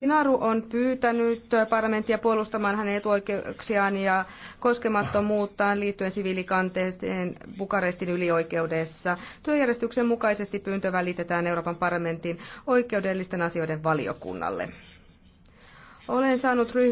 Sinaru on pyytänyt parlamenttia puolustamaan hänen etuoikeuksiaan ja koskemattomuuttaan liittyen siviilikanteeseen Bukarestin ylioikeudessa. Työjärjestyksen mukaisesti pyyntö välitetään Euroopan parlamentin oikeudellisten asioiden valiokunnalle. Olen saanut ryhmä